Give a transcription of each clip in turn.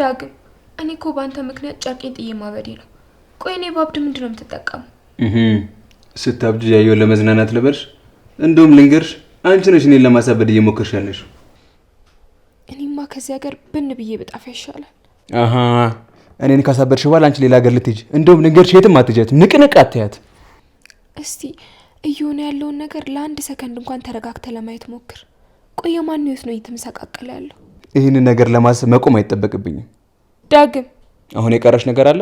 ዳግም እኔ እኮ በአንተ ምክንያት ጨርቄን ጥዬ ማበዴ ነው። ቆይ እኔ ባብድ ምንድን ነው የምትጠቀሙ? ስታብድ ያየው ለመዝናናት ልበልሽ? እንደውም ልንገርሽ፣ አንቺ ነሽ እኔን ለማሳበድ እየሞከርሽ ያለሽው። እኔማ ከዚህ ሀገር ብን ብዬ ብጣፋ ይሻላል። አሀ እኔን ካሳበድሽ በኋላ አንቺ ሌላ ሀገር ልትሄጂ። እንደውም ልንገርሽ፣ የትም አትጃት፣ ንቅንቅ አትያት። እስቲ እየሆነ ያለውን ነገር ለአንድ ሰከንድ እንኳን ተረጋግተ ለማየት ሞክር። ቆየ ማን ነው እየተመሰቃቀለ ያለው? ይህንን ነገር ለማሰብ መቆም አይጠበቅብኝም። ዳግም አሁን የቀረሽ ነገር አለ?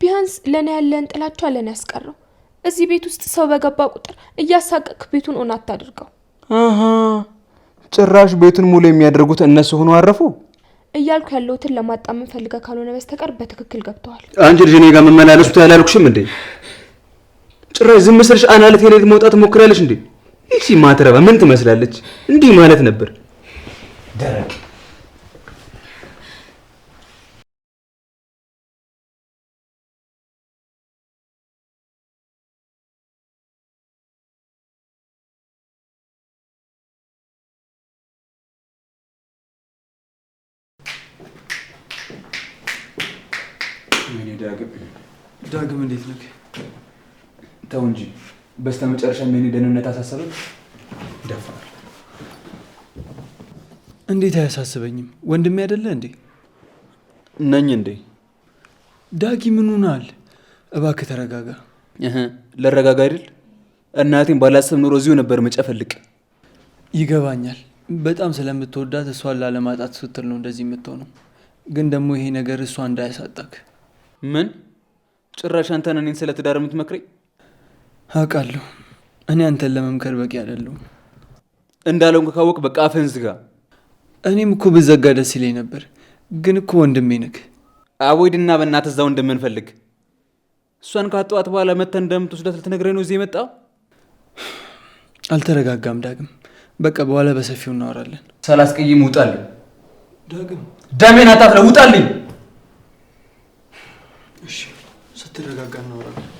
ቢያንስ ለእኔ ያለን ጥላቻ ለእኔ ያስቀረው። እዚህ ቤት ውስጥ ሰው በገባ ቁጥር እያሳቀቅ ቤቱን ኦን አታድርገው። ጭራሽ ቤቱን ሙሉ የሚያደርጉት እነሱ ሆኖ አረፉ እያልኩ ያለሁትን ለማጣመም ፈልገ ካልሆነ በስተቀር በትክክል ገብተዋል። አንቺ ልጅ እኔ ጋር መመላለሱ ያላልኩሽም እንዴ? ጭራሽ ዝም ስልሽ አናለት የሌት መውጣት ሞክራለች እንዴ? ይቺ ማትረባ ምን ትመስላለች? እንዲህ ማለት ነበር ደረቅ ዳግም እንዴት ነህ? ተው እንጂ መጨረሻ ምን ደህንነት አሳሰበት ደፋ እንዴት አያሳስበኝም? ወንድሜ አይደለ እንዴ? ነኝ እንዴ? ዳጊ ምን ሆናል? እባክህ ተረጋጋ። ለረጋጋ አይደል? እናቴን ባላሰብ ኑሮ እዚሁ ነበር መጨፈልቅ። ይገባኛል። በጣም ስለምትወዳት እሷን ላለማጣት ስትል ነው እንደዚህ የምትሆነው። ግን ደግሞ ይሄ ነገር እሷ እንዳያሳጣክ። ምን ጭራሽ አንተን እኔን ስለ ትዳር የምትመክረኝ? አውቃለሁ እኔ አንተን ለመምከር በቂ አይደለሁም። እንዳለውን ካወቅ በቃ አፍህን ዝጋ። እኔም እኮ ብዘጋ ደስ ይለኝ ነበር፣ ግን እኮ ወንድሜ ነክ አቦይድና በእናትህ እዛው እንደምንፈልግ እሷን ካጠዋት በኋላ መተን እንደምትወስዳት ልትነግረኝ ነው እዚህ የመጣው። አልተረጋጋም ዳግም። በቃ በኋላ በሰፊው እናወራለን። ሳላስቀይም ውጣልኝ ዳግም፣ ደሜን አጣፍለ ውጣልኝ። እሺ፣ ስትረጋጋ እናወራለን።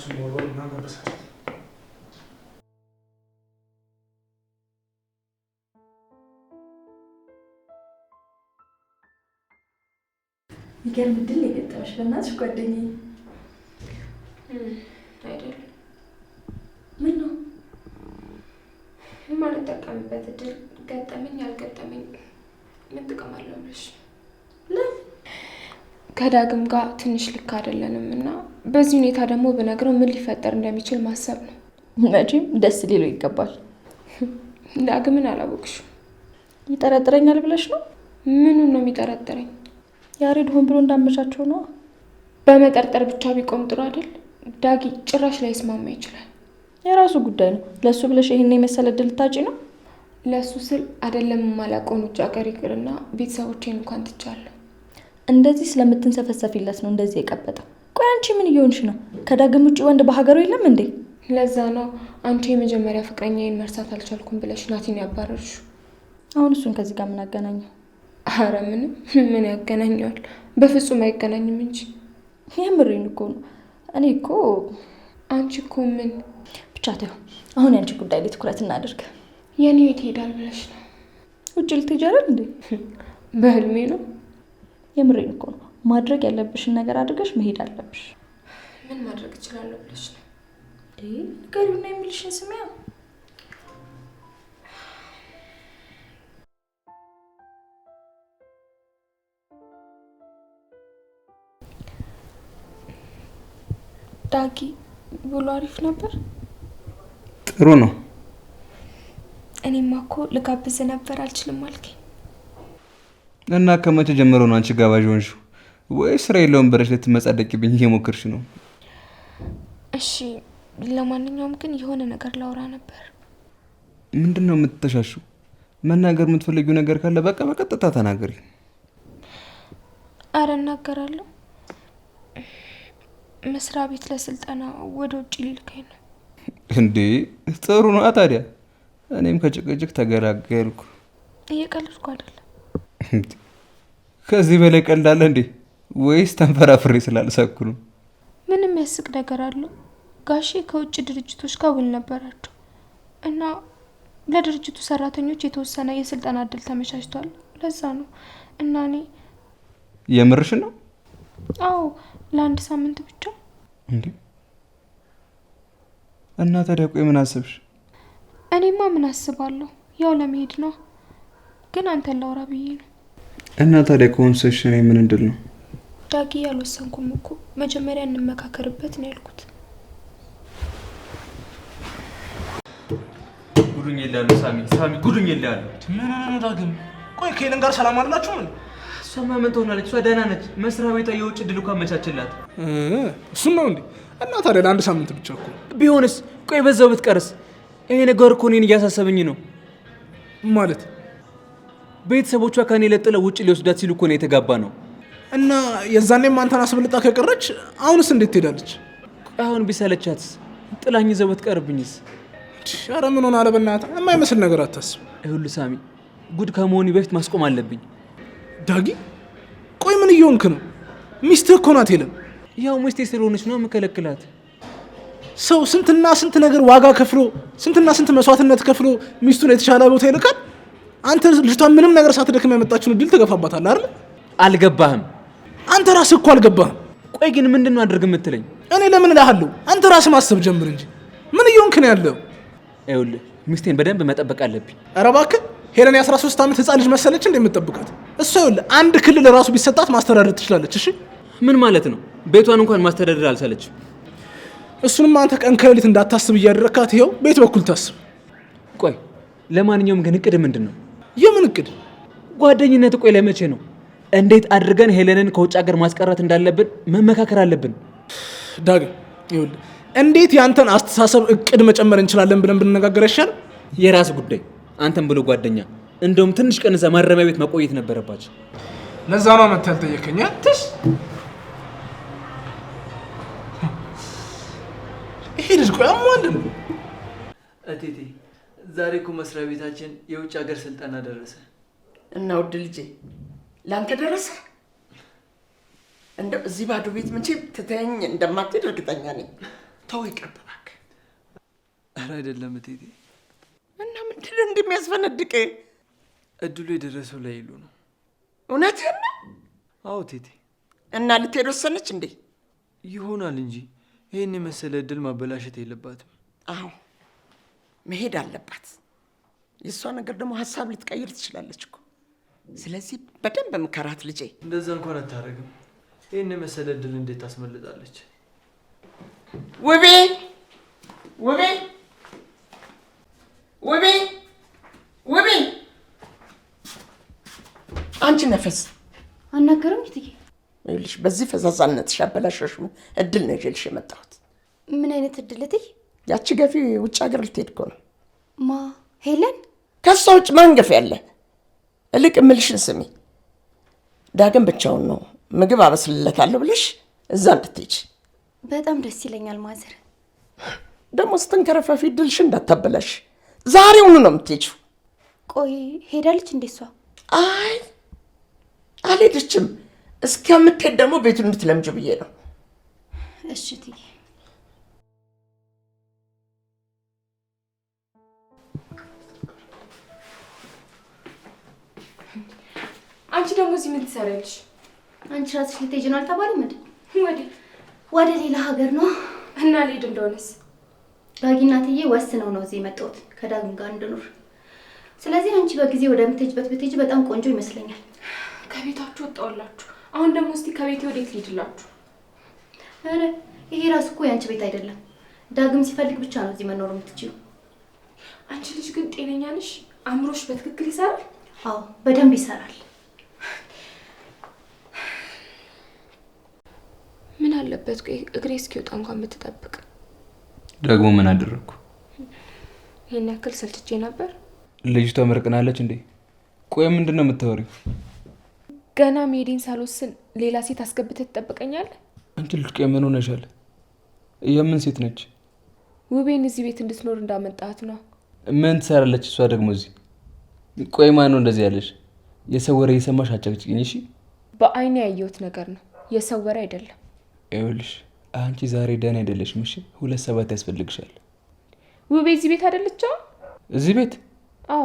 нашим головам нам написати. የሚገርም ድል የገጠመሽ በእናትሽ ጓደኛዬ። አይደለም ምን ነው የማንጠቀምበት እድል ገጠመኝ አልገጠመኝ ምን ጥቅም አለው ብለሽ ከዳግም ጋር ትንሽ ልክ አይደለንም እና በዚህ ሁኔታ ደግሞ ብነግረው ምን ሊፈጠር እንደሚችል ማሰብ ነው። መቼም ደስ ሊለው ይገባል። ዳግምን አላወቅሽም። ይጠረጥረኛል ብለሽ ነው? ምኑን ነው የሚጠረጥረኝ? ያሬድ ሆን ብሎ እንዳመቻቸው ነው። በመጠርጠር ብቻ ቢቆም ጥሩ አይደል? ዳጊ ጭራሽ ላይ ስማማ ይችላል። የራሱ ጉዳይ ነው። ለእሱ ብለሽ ይህን የመሰለ ድል ታጪ ነው። ለእሱ ስል አይደለም የማላውቀውን ውጭ ሀገር ይቅርና ቤተሰቦቼን እንኳን ትቻለሁ። እንደዚህ ስለምትንሰፈሰፊለት ነው እንደዚህ የቀበጠ ቆይ አንቺ ምን እየሆንሽ ነው? ከዳግም ውጭ ወንድ በሀገሩ የለም እንዴ? ለዛ ነው አንቺ የመጀመሪያ ፍቅረኛዬን መርሳት አልቻልኩም ብለሽ ናቲን ያባረርሽ። አሁን እሱን ከዚህ ጋር ምን አገናኘው? አረ ምንም ምን ያገናኘዋል? በፍጹም አይገናኝም እንጂ። የምሬን እኮ ነው። እኔ እኮ አንቺ እኮ ምን ብቻ አሁን የአንቺ ጉዳይ ላይ ትኩረት እናደርግ። የኔ የት ብለሽ ነው? ውጭ ልትሄጂ አይደል እንዴ? በህልሜ ነው የምሬን እኮ ነው። ማድረግ ያለብሽን ነገር አድርገሽ መሄድ አለብሽ። ምን ማድረግ እችላለሁ ብለሽ ነው? ንገሪውና የሚልሽን ስሚያ ዳጊ ብሎ አሪፍ ነበር። ጥሩ ነው። እኔማ እኮ ልጋብዝ ነበር አልችልም አልከኝ። እና ከመቼ ጀምሮ ነው አንቺ ጋባዥ ሆንሽ? ወይ ስራ የለውም በረሽ ልትመጻደቂብኝ እየሞከርሽ ነው። እሺ ለማንኛውም ግን የሆነ ነገር ላውራ ነበር። ምንድን ነው የምትተሻሹ? መናገር የምትፈልጊው ነገር ካለ በቃ በቀጥታ ተናገሪ። አረ እናገራለሁ። መስሪያ ቤት ለስልጠና ወደ ውጭ ልልከኝ ነው። እንዴ ጥሩ ነዋ ታዲያ። እኔም ከጭቅጭቅ ተገላገልኩ። እየቀለድኩ አይደለም። ከዚህ በላይ ቀልዳለ እንዴ? ወይስ ተንፈራፍሬ ስላልሳኩ ነው? ምን የሚያስቅ ነገር አለው? ጋሼ ከውጭ ድርጅቶች ጋር ውል ነበራቸው እና ለድርጅቱ ሰራተኞች የተወሰነ የስልጠና እድል ተመቻችቷል። ለዛ ነው እና እኔ የምርሽ ነው? አዎ ለአንድ ሳምንት ብቻ። እንዴ እና ታዲያ ቆይ ምን አስብሽ? እኔማ ምን አስባለሁ፣ ያው ለመሄድ ነው። ግን አንተን ላውራ ብዬ ነው። እና ታዲያ ኮንሴሽን ምን እንድል ነው ዳጊ? ያልወሰንኩም እኮ መጀመሪያ እንመካከርበት ነው ያልኩት። ጉዱኝ የላሉ ሳሚ፣ ሳሚ ጉዱኝ የላሉ። ምን ዳግም? ቆይ ከሄለን ጋር ሰላም አላችሁ? ምን እሷማ ምን ትሆናለች? እሷ ደህና ነች። መስሪያ ቤቷ የውጭ ድል እኮ አመቻችላት። እሱም ነው እንዴ? እና ታዲያ ለአንድ ሳምንት ብቻ እኮ ቢሆንስ? ቆይ በዛው ብትቀርስ? ይሄ ነገር እኮ እኔን እያሳሰበኝ ነው ማለት ቤተሰቦቿ ከኔ ለጥለው ውጭ ሊወስዳት ሲሉ እኮ ነው የተጋባ ነው። እና የዛኔም አንተን አስበልጣ ከቀረች አሁንስ እንዴት ትሄዳለች? አሁን ቢሰለቻትስ? ጥላኝ ይዘው ቀርብኝስ? ኧረ ምን ሆነ አለበናት የማይመስል ነገር አታስብ። ሁሉ ሳሚ፣ ጉድ ከመሆኔ በፊት ማስቆም አለብኝ። ዳጊ፣ ቆይ ምን እየሆንክ ነው? ሚስትህ እኮ ናት። የለም ያው ሚስቴ ስለሆነች ነው የምከለክላት። ሰው ስንትና ስንት ነገር ዋጋ ከፍሎ ስንትና ስንት መስዋዕትነት ከፍሎ ሚስቱን የተሻለ ቦታ ይልካል። አንተ ልጅቷ ምንም ነገር ሳትደክም ያመጣችውን እድል ትገፋባታል አይደል? አልገባህም። አንተ ራስህ እኮ አልገባህም። ቆይ ግን ምንድን ነው አድርግ የምትለኝ? እኔ ለምን እልሃለሁ? አንተ ራስህ ማሰብ ጀምር እንጂ ምን እየሆንክ ነው ያለው? ይኸውልህ ሚስቴን በደንብ መጠበቅ አለብኝ። ኧረ እባክህ ሄለን የ13 ዓመት ህፃን ልጅ መሰለች እንደምጠብቃት እሷ። ይኸውልህ አንድ ክልል ራሱ ቢሰጣት ማስተዳደር ትችላለች። እሺ ምን ማለት ነው? ቤቷን እንኳን ማስተዳደር አልቻለችም። እሱንም አንተ ቀን ከሌሊት እንዳታስብ እያደረካት ይኸው ቤት በኩል ታስብ። ቆይ ለማንኛውም ግን እቅድ ምንድን ነው? የምን እቅድ? ጓደኝነት ቆይ ለመቼ ነው? እንዴት አድርገን ሄለንን ከውጭ ሀገር ማስቀረት እንዳለብን መመካከር አለብን። ዳግ እንዴት ያንተን አስተሳሰብ እቅድ መጨመር እንችላለን ብለን ብንነጋገር ይሻል። የራስ ጉዳይ አንተን ብሎ ጓደኛ። እንደውም ትንሽ ቀን እዛ ማረሚያ ቤት መቆየት ነበረባቸው። ለዛ ነው መተህ ያልጠየከኝ። ትሽ ይሄ ልጅ ቆይ አሟል እቴቴ ዛሬ እኮ መስሪያ ቤታችን የውጭ ሀገር ስልጠና ደረሰ። እና ውድ ልጄ ለአንተ ደረሰ? እንደው እዚህ ባዶ ቤት መቼም ትተኸኝ እንደማትሄድ እርግጠኛ ነኝ። ተው ይቅር እባክህ። ኧረ አይደለም እቴቴ። እና ምንድን እንደሚያስፈነድቅ? እድሉ የደረሰው ላይ ይሉ ነው። እውነትህን ነው? አዎ እቴቴ። እና ልትሄድ ወሰነች እንዴ? ይሆናል እንጂ ይህን የመሰለ እድል ማበላሸት የለባትም። አዎ መሄድ አለባት። የእሷ ነገር ደግሞ ሀሳብ ልትቀይር ትችላለች እኮ። ስለዚህ በደንብ ምከራት ልጄ። እንደዛ እንኳን አታደርግም። ይህን የመሰለ እድል እንዴት ታስመልጣለች? ውቤ ውቤ ውቤ ውቤ፣ አንቺ ነፈስ አናገርም። እትዬ ይኸውልሽ፣ በዚህ ፈዛዛነትሽ አበላሸሽው እድል ነው ይዤልሽ የመጣሁት። ምን አይነት እድል እትዬ? ያቺ ገፊ ውጭ ሀገር ልትሄድ እኮ ነው። ማ ሄለን? ከሷ ውጭ ማን ገፊ ያለ? እልቅ ምልሽን ስሚ፣ ዳግም ብቻውን ነው ምግብ አበስልለታለሁ ብለሽ እዛ እንድትሄጂ በጣም ደስ ይለኛል። ማዘር ደግሞ ስትንከረፈፊ ድልሽ እንዳታበላሽ፣ ዛሬውኑ ነው የምትሄጂው። ቆይ ሄዳለች እንዴ እሷ? አይ አልሄደችም። እስከምትሄድ ደግሞ ቤቱን እንድትለምጂው ብዬ ነው። እሺ እትዬ ደግሞ እዚህ ምን ትሰሪያለሽ? አንቺ ራስሽ ልትሄጂ ነው አልተባለም እንዴ? ወደ ሌላ ሀገር ነው እና ልሄድ እንደሆነስ ዳጊ እናትዬ ወስነው ነው እዚህ የመጣሁት ከዳግም ጋር እንድኖር። ስለዚህ አንቺ በጊዜ ወደምትሄጂበት ብትሄጂ በጣም ቆንጆ ይመስለኛል። ከቤታችሁ ወጣሁላችሁ። አሁን ደግሞ እስቲ ከቤቴ ወዴት ልሂድላችሁ? ኧረ ይሄ ራሱ እኮ የአንቺ ቤት አይደለም። ዳግም ሲፈልግ ብቻ ነው እዚህ መኖር የምትችይው። አንቺ ልጅ ግን ጤነኛ ነሽ? አእምሮሽ በትክክል ይሰራል? አዎ በደንብ ይሰራል። አለበት እግሬ እስኪወጣ እንኳን ብትጠብቅ። ደግሞ ምን አደረግኩ? ይህን ያክል ሰልችቼ ነበር። ልጅቷ መርቅናለች እንዴ? ቆይ ምንድን ነው የምታወሪው? ገና ሜዲን ሳልወስን ሌላ ሴት አስገብተህ ትጠብቀኛለህ? አንቺ ልጅ ቆይ ምን ሆነሻል? የምን ሴት ነች? ውቤን እዚህ ቤት እንድትኖር እንዳመጣት ነው። ምን ትሰራለች እሷ ደግሞ እዚህ? ቆይ ማን ነው እንደዚህ ያለሽ? የሰው ወሬ የሰማሽ አጨቅጭቅኝ። እሺ በአይኔ ያየሁት ነገር ነው፣ የሰው ወሬ አይደለም። ይኸውልሽ አንቺ ዛሬ ደህና አይደለሽም። እሺ ሁለት ሰባት ያስፈልግሻል። ውቤ እዚህ ቤት አይደለችም? እዚህ ቤት? አዎ።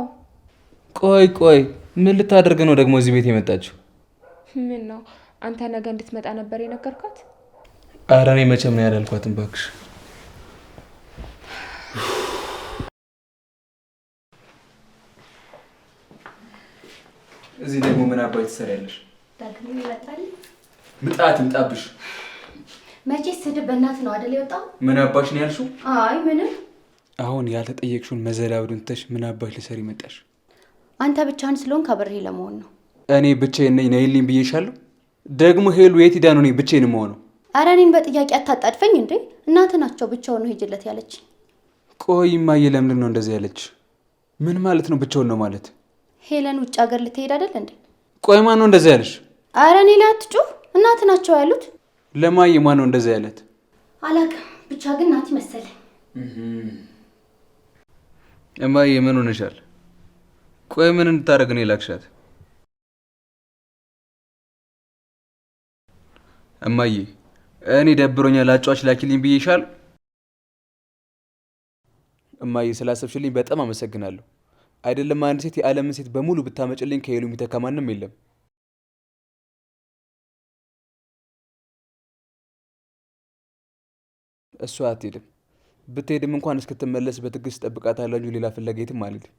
ቆይ ቆይ፣ ምን ልታደርግ ነው ደግሞ እዚህ ቤት የመጣችው? ምን ነው አንተ ነገ እንድትመጣ ነበር የነገርኳት? ኧረ እኔ መቼም ነው ያላልኳትም እባክሽ። እዚህ ደግሞ ምን አባይ ትሰሪያለሽ? ምጣት ይምጣብሽ። መቼ ስድብ በእናት ነው አደል የወጣው? ምን አባሽ ነው ያልሽው? አይ ምንም። አሁን ያልተጠየቅሽውን መዘላ ትተሽ ምን አባሽ ልሰሪ መጣሽ? አንተ ብቻህን ስለሆን ከበሬ ለመሆን ነው። እኔ ብቻዬን ነኝ ነይልኝ ብዬሻለሁ። ደግሞ ሄሉ የት ሄዳ ነው እኔ ብቻዬን የምሆነው? ኧረ እኔን በጥያቄ አታጣድፈኝ እንዴ! እናት ናቸው ብቻውን ነው ሄጅለት ያለች። ቆይ ማየ ለምንድን ነው እንደዚህ ያለች? ምን ማለት ነው ብቻውን ነው ማለት? ሄለን ውጭ ሀገር ልትሄድ አይደል እንዴ? ቆይ ማን ነው እንደዚህ ያለሽ? ኧረ እኔ ላይ አትጩህ። እናት ናቸው ያሉት ለማዬ ማነው እንደዚህ ያለት? አላውቅም ብቻ ግን ናቲ መሰለኝ። እማዬ ምን ሆነሻል? ቆይ ምን እንድታደርግ ነው የላክሻት? እማዬ እኔ ደብሮኛል አጫዋች ላኪልኝ ብዬሻል። እማዬ ስላሰብሽልኝ በጣም አመሰግናለሁ። አይደለም አንድ ሴት የዓለምን ሴት በሙሉ ብታመጭልኝ ከሄሉ የሚተካ ማንም የለም። እሷ አትሄድም። ብትሄድም እንኳን እስክትመለስ በትዕግስት ጠብቃታለሁ እንጂ ሌላ ፍለጋ የትም አልሄድም።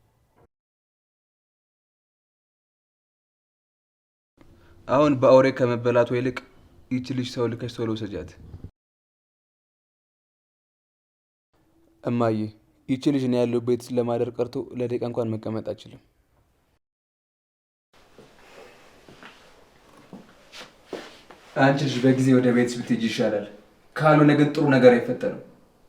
አሁን በአውሬ ከመበላቱ ይልቅ ይች ልጅ ሰው ልከሽ ቶሎ ውሰጃት። እማዬ ይቺ ልጅ ነው ያለው ቤት ለማደር ቀርቶ ለደቂቃ እንኳን መቀመጥ አይችልም። አንቺ ልጅ በጊዜ ወደ ቤት ብትሄጂ ይሻላል። ካልሆነ ግን ጥሩ ነገር አይፈጠርም።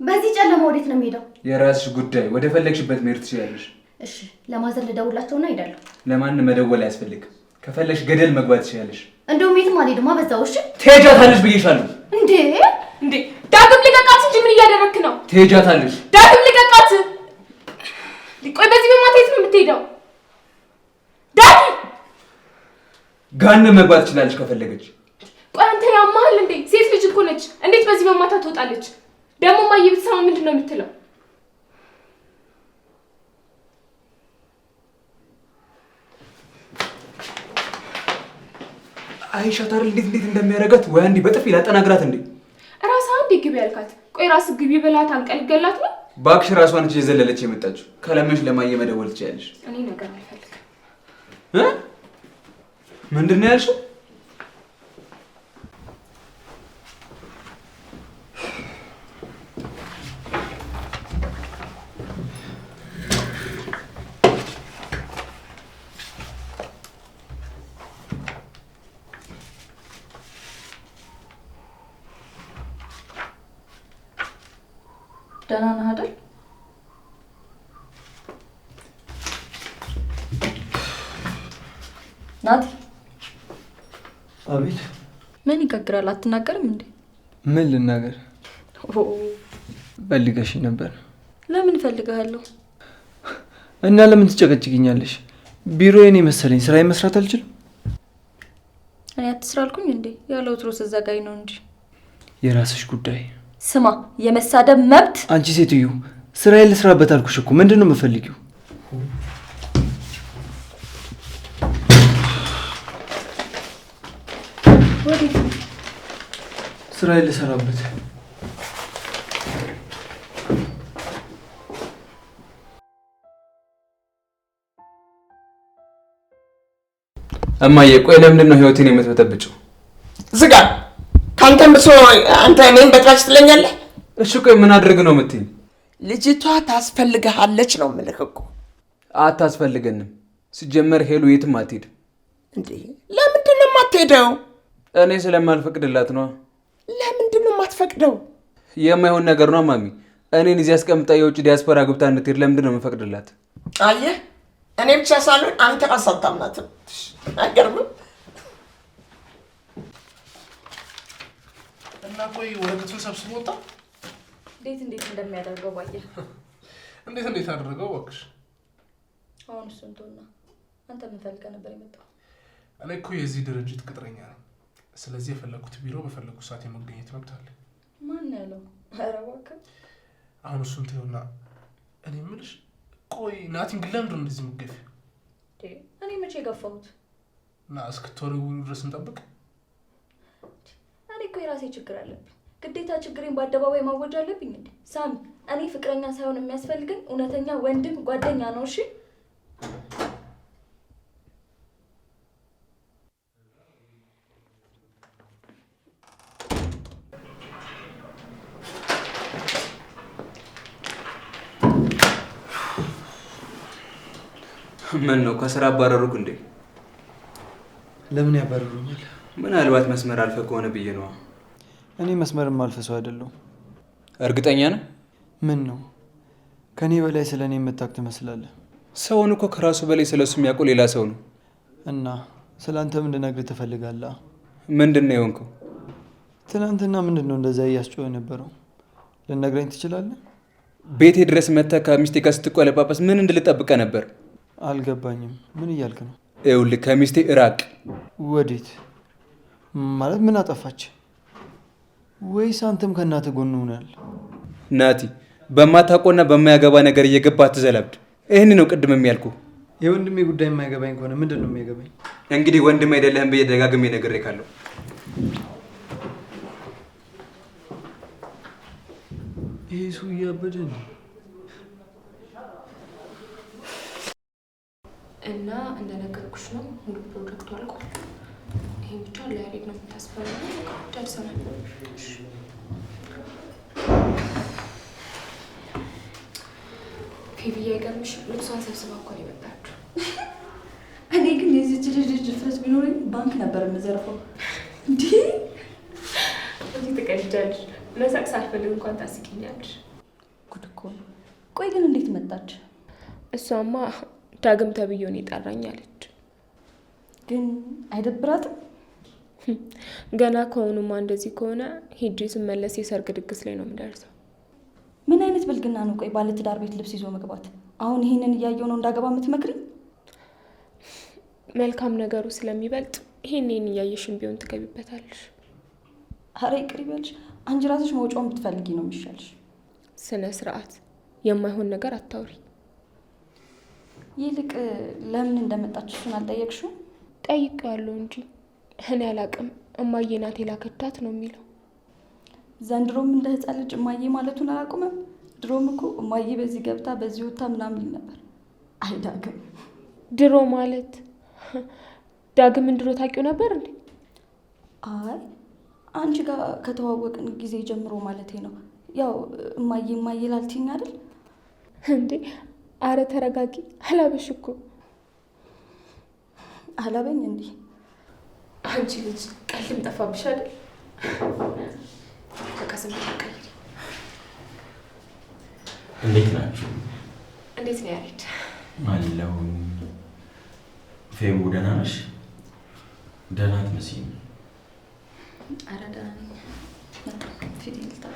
በዚህ ጨለማ ወዴት ነው የሚሄደው? የራስሽ ጉዳይ። ወደ ፈለግሽበት መሄድ ትችያለሽ። እሺ፣ ለማዘር ነው። እሄዳለሁ። ለማንም መደወል አያስፈልግ። ከፈለግሽ ገደል መግባት ትችያለሽ። እንደውም የትም አልሄድማ። በዛው እሺ። ትሄጃታለሽ ብዬሻለሁ። እንዴ እንዴ! ዳግም ልቀቃት እንጂ ምን እያደረክ ነው? ትሄጃታለሽ። ዳግም ልቀቃት። ቆይ፣ በዚህ በማታ የት ነው የምትሄደው? ዳግም ጋን መግባት ትችላለች ከፈለገች ልጅ እንዴት በዚህ በማታ ትወጣለች? ደግሞ ማየ ብትሰማ ምንድን ነው የምትለው? አይሻታር እንዴት እንዴት እንደሚያደርጋት ወይ አንዴ በጥፊ ላጠናግራት እንዴ! ራስ አንዴ ግቢ ያልካት፣ ቆይ ራስ ግቢ በላት አንቀልገላት ነው። ባክሽ ራሷን ነች የዘለለች የመጣችው ከለመሽ ለማየ መደወል ትችያለሽ። እኔ ነገር አልፈልግም። ምንድን ነው ያልሽው? ደህና ነህ አይደል? ናቲ። አቤት። ምን ይጋግራል? አትናገርም እንዴ? ምን ልናገር? ፈልገሽ ነበር። ለምን እፈልግሃለሁ? እና ለምን ትጨቀጭቅኛለሽ? ቢሮ የኔ መሰለኝ። ስራ መስራት አልችልም? እኔ አትስራ አልኩኝ እንዴ? ያለ ወትሮስ እዛ ጋኝ ነው እንጂ የራስሽ ጉዳይ ስማ፣ የመሳደብ መብት አንቺ ሴትዮ ስራዬን ልስራበት አልኩሽ እኮ። ምንድን ነው የምፈልጊው? ስራዬን ልሰራበት እማዬ። ቆይ ለምንድን ነው ህይወቴን የምትበጠብጭው? ዝጋ ተቀምሶ አንተ እኔም በታች ትለኛለህ? እሺ ቆይ ምን አድርግ ነው የምትይኝ? ልጅቷ ታስፈልግሃለች ነው የምልህ እኮ። አታስፈልገንም። ሲጀመር ሄሉ የትም አትሄድም። እንዴ ለምንድን ነው የማትሄደው? እኔ ስለማልፈቅድላት ነዋ። ለምንድን ነው የማትፈቅደው? የማይሆን ነገር ነው ማሚ። እኔን እዚህ አስቀምጣ የውጭ ዲያስፖራ ግብታ እንድትሄድ ለምንድን ነው የምፈቅድላት? አየህ እኔ ብቻ ሳልሆን አንተ ራስህ አይገርምም? እና ቆይ ወረቀቱን ሰብስቦ ወጣ። እንዴት እንዴት እንደሚያደርገው ባየ። እንዴት እንዴት አደረገው እባክሽ። አሁን እሱን ተውና አንተ ምን ፈልገህ ነበር የመጣው? እኔ እኮ የዚህ ድርጅት ቅጥረኛ ነው። ስለዚህ የፈለኩት ቢሮ በፈለኩት ሰዓት የመገኘት መብት አለ። ማን ያለው? ኧረ እባክህ አሁን እሱን ተውና፣ እኔ የምልሽ ቆይ ናቲን ግን ለምንድን ነው እንደዚህ የምትገፊው? እኔ መቼ የገፋሁት? እና እስክትወሪው ድረስ እንጠብቅ የራሴ ችግር አለብኝ። ግዴታ ችግሬን በአደባባይ ማወጅ አለብኝ እንዴ? ሳሚ፣ እኔ ፍቅረኛ ሳይሆን የሚያስፈልግን እውነተኛ ወንድም ጓደኛ ነው። እሺ ምን ነው ከስራ አባረሩክ እንዴ? ለምን ያባረሩኛል? ምናልባት መስመር አልፈ ከሆነ ብዬ ነዋ። እኔ መስመር የማልፍ ሰው አይደለሁም። እርግጠኛ ነህ? ምን ነው ከእኔ በላይ ስለ እኔ የምታውቅ ትመስላለህ። ሰውን እኮ ከራሱ በላይ ስለ እሱ የሚያውቀው ሌላ ሰው ነው። እና ስለ አንተ ምን እንድነግርህ ትፈልጋለህ? ምንድን ነው የሆንከው? ትናንትና ምንድን ነው እንደዚያ እያስጮህ የነበረው? ልነግረኝ ትችላለህ? ቤቴ ድረስ መጥተህ ከሚስቴ ጋር ስትቆለጳጳስ ምን እንድልጠብቀህ ነበር? አልገባኝም። ምን እያልክ ነው? ይኸውልህ ከሚስቴ እራቅ። ወዴት ማለት? ምን አጠፋች? ወይስ አንተም ከእናትህ ጎን ሆናል? ናቲ በማታውቀውና በማያገባ ነገር እየገባ ትዘለብድ። ይህን ነው ቅድም የሚያልኩ። የወንድሜ ጉዳይ የማይገባኝ ከሆነ ምንድን ነው የሚያገባኝ? እንግዲህ ወንድም አይደለህም ብዬ ደጋግሜ ነግሬህ ካለው ይሄ ሰው እያበደ ነው። እና እንደነገርኩሽ ነው ሙሉ ፕሮጀክቱ አልቋል። ይህን ብቻ ላያሬድ ነው የምታስፈራ ደርሰናል። ፌቢ አይገርምሽ? ልብሷን ሰብስባ እኮ ነው የመጣችው። እኔ ግን የዚች ልጅ ድፍረት ቢኖረኝ ባንክ ነበር የምዘርፈው። እንዲህ እዚህ ትቀልጃለሽ። መሳቅ ሳልፈልግ እንኳን ታስቂኛለሽ። ጉድ እኮ ነው። ቆይ ግን እንዴት መጣች? እሷማ ዳግም ተብዬውን ይጠራኝ አለች። ግን አይደብራትም? ገና ከሆኑማ እንደዚህ ከሆነ ሂጂ ስመለስ የሰርግ ድግስ ላይ ነው የምደርሰው። ምን አይነት ብልግና ነው? ቆይ ባለትዳር ቤት ልብስ ይዞ መግባት። አሁን ይህንን እያየው ነው እንዳገባ የምትመክሪኝ? መልካም ነገሩ ስለሚበልጥ ይህን ይህን እያየሽን ቢሆን ትገቢበታለሽ። አረ ይቅር ይበልሽ። አንቺ ራስሽ መውጫውን ብትፈልጊ ነው የሚሻልሽ። ስነ ስርዓት፣ የማይሆን ነገር አታውሪ። ይልቅ ለምን እንደመጣች እሱን አልጠየቅሽው? ያለው እንጂ እኔ አላቅም እማዬ ናት የላከቻት ነው የሚለው። ዘንድሮም እንደ ህፃን ልጅ እማዬ ማለቱን አላቁምም። ድሮም እኮ እማዬ በዚህ ገብታ በዚህ ወታ ምናምን ይል ነበር። አይ ዳግም፣ ድሮ ማለት ዳግምን ድሮ ታውቂው ነበር እንዴ? አይ አንቺ ጋር ከተዋወቅን ጊዜ ጀምሮ ማለቴ ነው። ያው እማዬ እማዬ ላልትኝ አይደል እንዴ? አረ ተረጋጊ። አላበሽ እኮ አላበኝ እንዲህ አንቺ ልጅ ቀልም ጠፋብሽ አይደል? ከቀስም ቀይሪ። እንዴት ናችሁ? እንዴት ነው ያሬድ? አለው ፌቡ ደህና ነሽ? ደህና አትመስይም። ኧረ ደህና ነኝ። ፊት ልታጠብ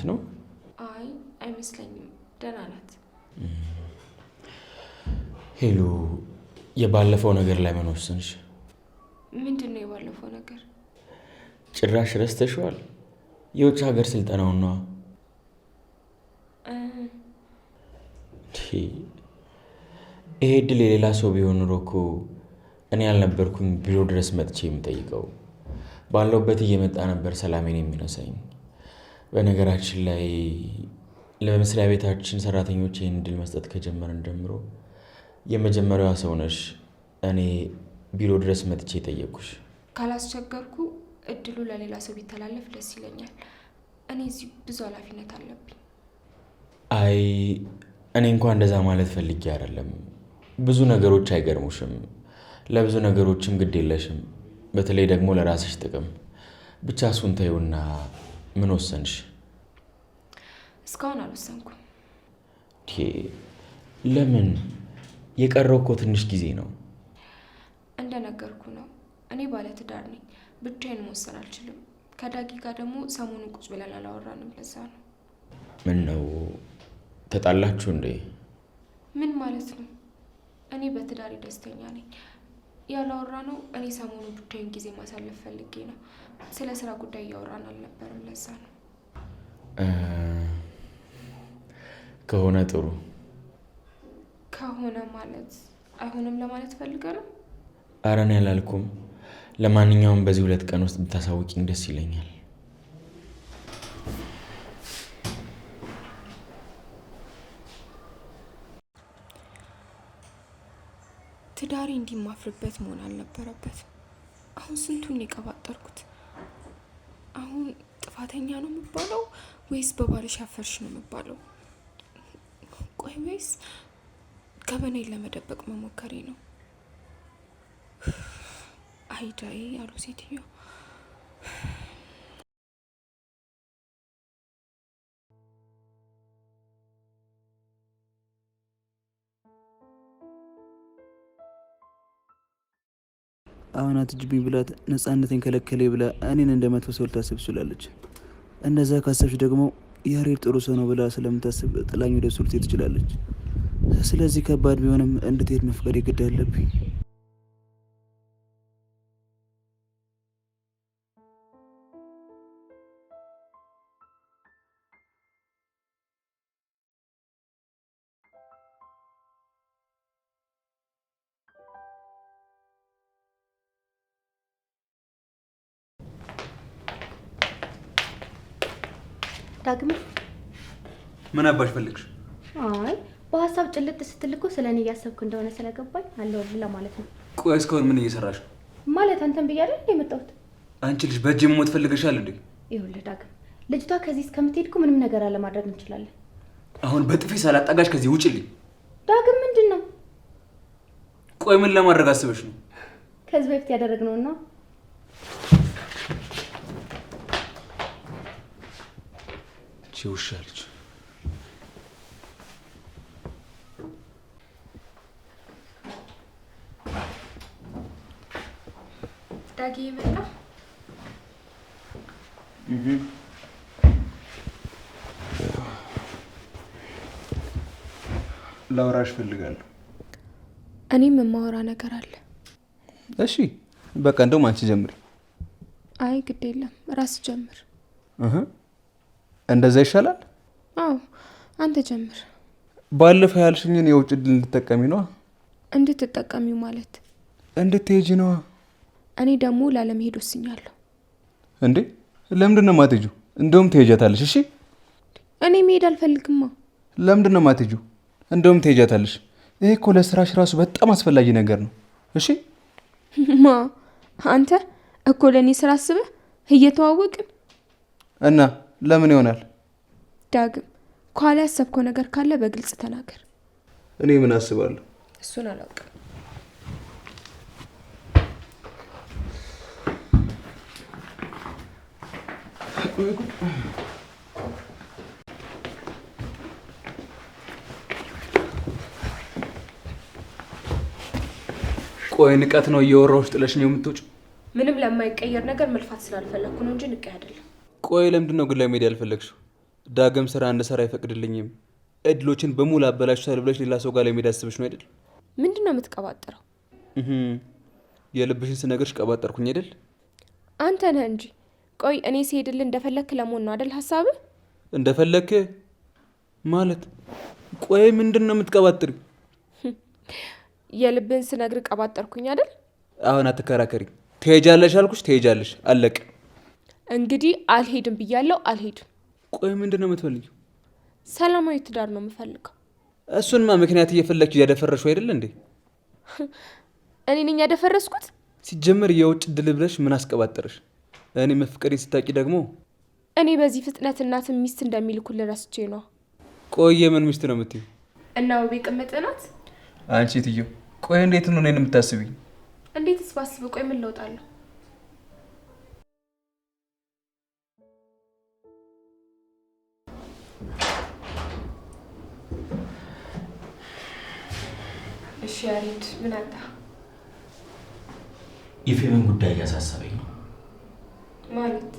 እውነት ነው? አይ አይመስለኝም፣ ደህና ናት። ሄሎ፣ የባለፈው ነገር ላይ ምን ወሰንሽ? ምንድን ነው የባለፈው ነገር? ጭራሽ ረስተሽዋል? የውጭ ሀገር ስልጠናውን ነዋ። ይሄ እድል የሌላ ሰው ቢሆን ኑሮ እኮ እኔ ያልነበርኩኝ ቢሮ ድረስ መጥቼ የምጠይቀው ባለውበት እየመጣ ነበር ሰላሜን የሚነሳኝ። በነገራችን ላይ ለመስሪያ ቤታችን ሰራተኞች ይህን እድል መስጠት ከጀመርን ጀምሮ የመጀመሪያዋ ሰው ነሽ እኔ ቢሮ ድረስ መጥቼ የጠየቁሽ። ካላስቸገርኩ እድሉ ለሌላ ሰው ቢተላለፍ ደስ ይለኛል። እኔ እዚህ ብዙ ኃላፊነት አለብኝ። አይ እኔ እንኳን እንደዛ ማለት ፈልጌ አይደለም። ብዙ ነገሮች አይገርሙሽም፣ ለብዙ ነገሮችም ግድ የለሽም፣ በተለይ ደግሞ ለራስሽ ጥቅም ብቻ እሱን ተይውና ምን ወሰንሽ? እስካሁን አልወሰንኩም። ለምን? የቀረው እኮ ትንሽ ጊዜ ነው። እንደነገርኩ ነው። እኔ ባለትዳር ነኝ። ብቻዬን መወሰን አልችልም። ከዳጊ ጋር ደግሞ ሰሞኑን ቁጭ ብለን አላወራንም። ለዛ ነው። ምን ነው ተጣላችሁ እንዴ? ምን ማለት ነው? እኔ በትዳሬ ደስተኛ ነኝ። ያላወራ ነው። እኔ ሰሞኑ ጉዳዩን ጊዜ ማሳለፍ ፈልጌ ነው። ስለ ስራ ጉዳይ እያወራን አልነበርም። ለዛ ነው ከሆነ ጥሩ ከሆነ ማለት አይሆንም ለማለት ፈልገ ነው። አረን ያላልኩም። ለማንኛውም በዚህ ሁለት ቀን ውስጥ ብታሳውቂኝ ደስ ይለኛል። ዛሬ እንዲማፍርበት መሆን አልነበረበት አሁን ስንቱን የቀባጠርኩት። አሁን ጥፋተኛ ነው የምባለው ወይስ በባልሽ አፈርሽ ነው የምባለው? ቆይ ወይስ ገበናይ ለመደበቅ መሞከሬ ነው? አይዳይ አሉ ሴትዮ አሁን አትጅብኝ ብላት ነጻነቴን ከለከለ ብላ እኔን እንደ መጥፎ ሰው ልታስብ ትችላለች። እንደዛ ካሰብሽ ደግሞ ያሬድ ጥሩ ሰው ነው ብላ ስለምታስብ ጥላኝ ወደ እሱ ልትሄድ ትችላለች። ስለዚህ ከባድ ቢሆንም እንድትሄድ መፍቀድ የግድ አለብኝ። ምን አባሽ ፈልግሽ? አይ በሀሳብ ጭልጥ ስትልኮ እኮ ስለ እኔ እንደሆነ ስለገባኝ አለሁልህ ለማለት ነው። ቆይ እስካሁን ምን እየሰራሽ ነው? ማለት አንተን ብያለሁ እንደ የመጣሁት። አንቺ ልጅ በእጅ የመሞት ፈልገሻል እንዴ? ይኸውልህ ዳግም፣ ልጅቷ ከዚህ እስከምትሄድኩ ምንም ነገር አለማድረግ እንችላለን። አሁን በጥፊ ሳላጣጋሽ ከዚህ ውጭልኝ። ዳግም ምንድን ነው? ቆይ ምን ለማድረግ አስበሽ ነው? ከዚህ በፊት ያደረግነውና ውሻ ልጅ ታዳጊ ይበላ። ላውራሽ ፈልጋለሁ። እኔም የማወራ ነገር አለ። እሺ በቃ እንደውም አንቺ ጀምሪ። አይ ግድ የለም ራስ ጀምር። እንደዛ ይሻላል። አዎ አንተ ጀምር። ባለፈው ያልሽኝን የውጭ ድል እንድትጠቀሚ ነዋ። እንድትጠቀሚ ማለት እንድትሄጂ ነዋ። እኔ ደግሞ ላለመሄድ ወስኛለሁ። እንዴ ለምንድን ነው ማትጁ? እንደውም ትሄጃታለሽ። እሺ እኔ መሄድ አልፈልግማ። ለምንድን ነው ማትጁ? እንደውም ትሄጃታለሽ። ይሄ እኮ ለስራሽ ራሱ በጣም አስፈላጊ ነገር ነው። እሺ ማ አንተ እኮ ለእኔ ስራ አስበህ እየተዋወቅን እና ለምን ይሆናል? ዳግም ከኋላ ያሰብከው ነገር ካለ በግልጽ ተናገር። እኔ ምን አስባለሁ እሱን አላውቅም። koydu. ቆይ ንቀት ነው እየወራሁሽ ጥለሽ ነው የምትወጪው? ምንም ለማይቀየር ነገር መልፋት ስላልፈለግኩ ነው እንጂ ንቄ አይደለም። ቆይ ለምንድን ነው ግን ለመሄድ ያልፈለግሽው? ዳግም ስራ እንድሰራ አይፈቅድልኝም፣ እድሎችን በሙሉ አበላሽቷል ብለሽ ሌላ ሰው ጋር ለመሄድ አስብሽ ነው አይደል? ምንድን ነው የምትቀባጥረው? የልብሽን ስነግርሽ ቀባጠርኩኝ አይደል? አንተ ነህ እንጂ ቆይ እኔ ሲሄድልህ እንደፈለክ ለመሆን ነው አደል ሀሳብ እንደፈለክ ማለት ቆይ ምንድን ነው የምትቀባጥሪ የልብን ስነግር ቀባጠርኩኝ አደል አሁን አትከራከሪ ትሄጃለሽ አልኩሽ ትሄጃለሽ አለቅ እንግዲህ አልሄድም ብያለው፣ አልሄድም ቆይ ምንድን ነው የምትፈልጊው ሰላማዊ ትዳር ነው የምፈልገው እሱንማ ምክንያት እየፈለግሽ እያደፈረሹ አይደል እንዴ እኔ ነኝ ያደፈረስኩት ሲጀመር የውጭ ድል ብለሽ ምን አስቀባጠረሽ እኔ መፍቀሬን ስታቂ ደግሞ እኔ በዚህ ፍጥነት እናትን ሚስት እንደሚልኩል ረስቼ ነው። ቆየ ምን ሚስት ነው የምትይው? እና ውቤ ቅምጥ ናት። አንቺ ትየው ቆይ እንዴት ነው እኔን የምታስቢኝ? እንዴት ስባስብ ቆይ ምን ለውጣለሁ? እሺ ያሬድ ምን አጣ? ኢፌምን ጉዳይ እያሳሰበኝ ነው ማለት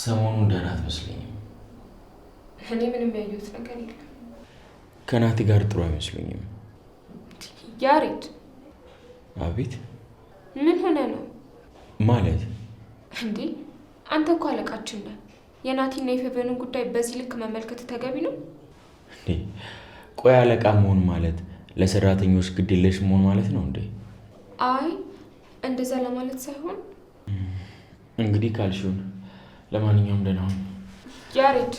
ሰሞኑን ደህና አትመስለኝም። እኔ ምንም ያየሁት ነገር የለም። ከናቲ ጋር ጥሩ አይመስለኝም። ያሬድ። አቤት። ምን ሆነ ነው ማለት? እንዴ አንተ እኮ አለቃችን ነህ። የናቲና የፌቨንን ጉዳይ በዚህ ልክ መመልከት ተገቢ ነው እንዴ? ቆይ አለቃ መሆን ማለት ለሰራተኞች ግድ የለሽ መሆን ማለት ነው እንዴ? አይ እንደዛ ለማለት ሳይሆን እንግዲህ ካልሽውን ለማንኛውም ደህና ሁን ያሬድ።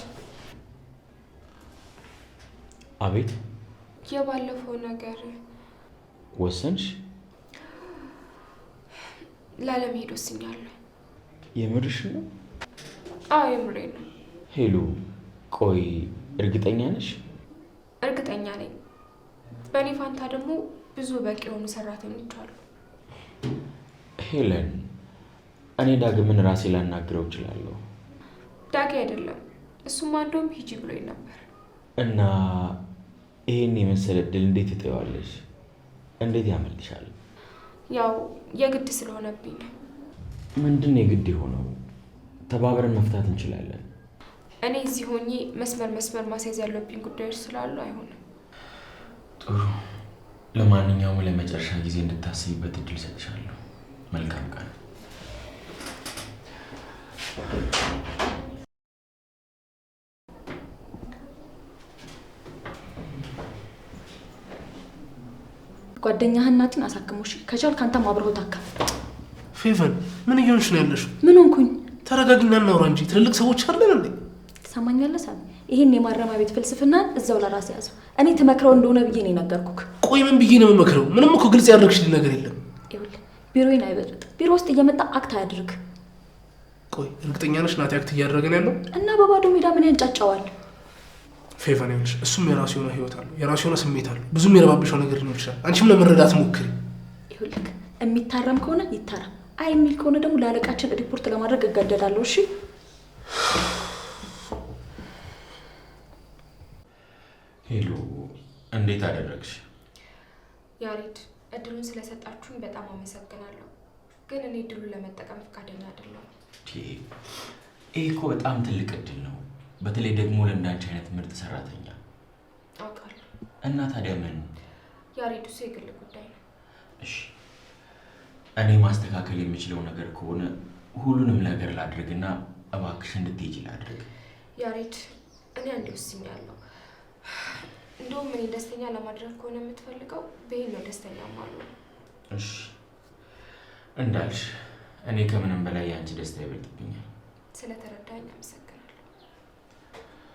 አቤት። የባለፈው ነገር ወሰንሽ? ላለመሄድ ወስኛለሁ። የምርሽ ነው? አዎ የምሬ ነው። ሄሉ፣ ቆይ እርግጠኛ ነሽ? እርግጠኛ ነኝ። በእኔ ፋንታ ደግሞ ብዙ በቂ የሆኑ ሰራተኞች አሉ። ሄለን እኔ ዳግምን ራሴ ላናግረው እችላለሁ። ዳግ አይደለም እሱም አንዶም ሂጂ ብሎኝ ነበር። እና ይህን የመሰለ እድል እንዴት ትጠዋለሽ? እንዴት ያመልጥሻል? ያው የግድ ስለሆነብኝ ነው። ምንድን ነው የግድ የሆነው? ተባብረን መፍታት እንችላለን። እኔ እዚህ ሆኜ መስመር መስመር ማስያዝ ያለብኝ ጉዳዮች ስላሉ አይሆንም። ጥሩ። ለማንኛውም ለመጨረሻ ጊዜ እንድታስይበት እድል ሰጥሻለሁ። መልካም ቀን። ጓደኛህ እናትን አሳክሞሽ ከቻል አንተም አብረኸው ታከም። ፌቨን ምን እየሆንሽ ነው ያለሽ? ምን ሆንኩኝ? ተረጋግና እናውራ እንጂ ትልልቅ ሰዎች አለን እንዴ? ትሰማኛለህ? ሳሚ ይህን የማረሚያ ቤት ፍልስፍና እዛው ለራስ ያዘው። እኔ ትመክረው እንደሆነ ብዬ ነው የነገርኩህ። ቆይ ምን ብዬ ነው የምመክረው? ምንም እኮ ግልጽ ያደረግሽልኝ ነገር የለም። ይኸውልህ ቢሮዬን አይበልጥ ቢሮ ውስጥ እየመጣ አክት አያድርግ ቆይ እርግጠኛ ነሽ ናቲ አክት እያደረገን ያለው እና በባዶ ሜዳ ምን ያንጫጫዋል? ፌቨን እሱም የራሱ የሆነ ህይወት አለው፣ የራሱ የሆነ ስሜት አለው። ብዙም የረባብሸው ነገር ሊኖር ይችላል። አንቺም ለመረዳት ሞክሪ። ይኸውልህ የሚታረም ከሆነ ይታረም፣ አይ የሚል ከሆነ ደግሞ ለአለቃችን ሪፖርት ለማድረግ እገደዳለሁ። እሺ ሄሎ፣ እንዴት አደረግሽ? ያሬድ እድሉን ስለሰጣችሁኝ በጣም አመሰግናለሁ፣ ግን እኔ እድሉን ለመጠቀም ፈቃደኛ አይደለሁም። ይህ እኮ በጣም ትልቅ እድል ነው። በተለይ ደግሞ ለእንዳንቺ አይነት ምርጥ ሰራተኛ አውቃለሁ። እና ታዲያ ምን ያሬድ፣ የግል ጉዳይ ነው። እሺ፣ እኔ ማስተካከል የምችለው ነገር ከሆነ ሁሉንም ነገር ላድርግና እባክሽ እንድትሄጂ ላድርግ። ያሬድ፣ እኔ አንዴ ወስኛለሁ። እንደውም እኔ ደስተኛ ለማድረግ ከሆነ የምትፈልገው በይሄን ነው ደስተኛ ማሉ። እሺ እንዳልሽ እኔ ከምንም በላይ የአንቺ ደስታ ይበልጥብኛል። ስለተረዳኝ አመሰግናለሁ።